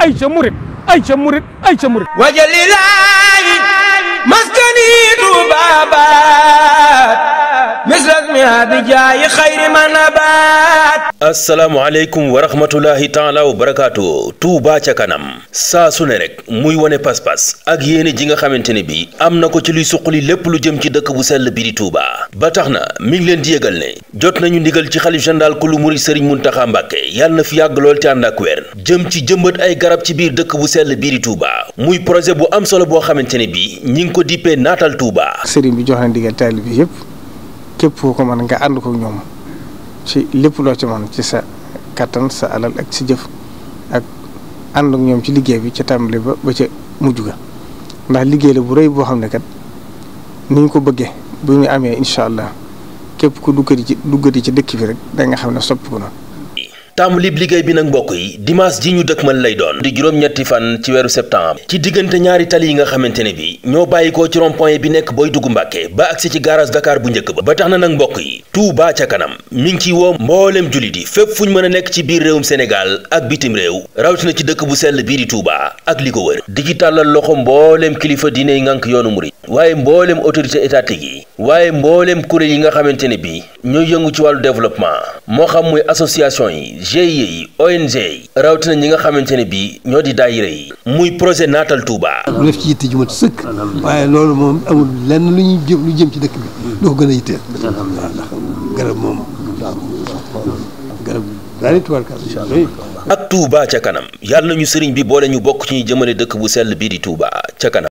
ay ca murit ay ca murit ay ca murit wajalila biha bi jaayi xayri ma nabaat asalaamualeykum wa rahmatulahi taala ca kanam saa su ne rek muy wane pas-pas ak yéene ji nga xamante ne bi am na ko ci luy suq li lépp lu jëm ci dëkk bu sell bi di Touba ba tax na mi ngi leen di yëgal ne jot nañu ndigal ci xalif général ku lu murid mun Mountakha Mbacké yàlla na fi yàgg lool te ànd ak weer jëm ci jëmbët ay garab ci biir dëkk bu sell bii di muy projet bu am solo boo xamante ne bi ñi ngi ko dippee naatal Touba sëriñ bi jox na képp koo ko man nga ànd ko ñoom ci lépp loo ci mën ci sa kattan sa alal ak sa jëf ak ànd ak ñoom ci liggéey bi ca tàmbali ba ba ca mujj ga ndax liggéey la bu rëy boo xam ne kat ni ñu ko bëggee bu ñu amee incha allah képp ku duggati ci duggati ci dëkk bi rek da nga xam ne sopp ko na. tàmbali liggéey bi nag mbokk yi dimanche ji ñu dëkkmal lay doon di juróom-ñetti fan ci weeru septembre ci diggante ñaari tali yi nga xamante ne bi ñoo bàyyikoo ci rond-point bi nekk booy dugg Mbàkke ba agsi ci garage Dakar bu njëkk ba ba tax na nag mbokk yi Touba ca kanam mi ngi ci woo mbooleem jullit yi fépp fu ñu mën a nekk ci biir réewum Sénégal ak bitim réew rawatina ci dëkk bu sell bii di Touba ak li ko wër di ci tàllal loxo mbooleem kilifa diine yi ngànk yoonu murid waaye mbooleem autorité étatique yi waaye mbooleem kuréel yi nga xamante ne bi ñooy yëngu ci wàllu développement moo xam muy association yi GIE yi ONG yi rawatina ñi nga xamante ne bii ñoo di daayira yi muy projet naatal Touba. mu def ci yitte ju mat sëkk waaye loolu moom amul lenn lu jëm lu jëm ci dëkk bi doo ko gën a yitteel ak Touba ca kanam yàlla nañu sëriñ bi boole ñu bokk ci ñuy jëmale dëkk bu sell bii di Touba ca kanam.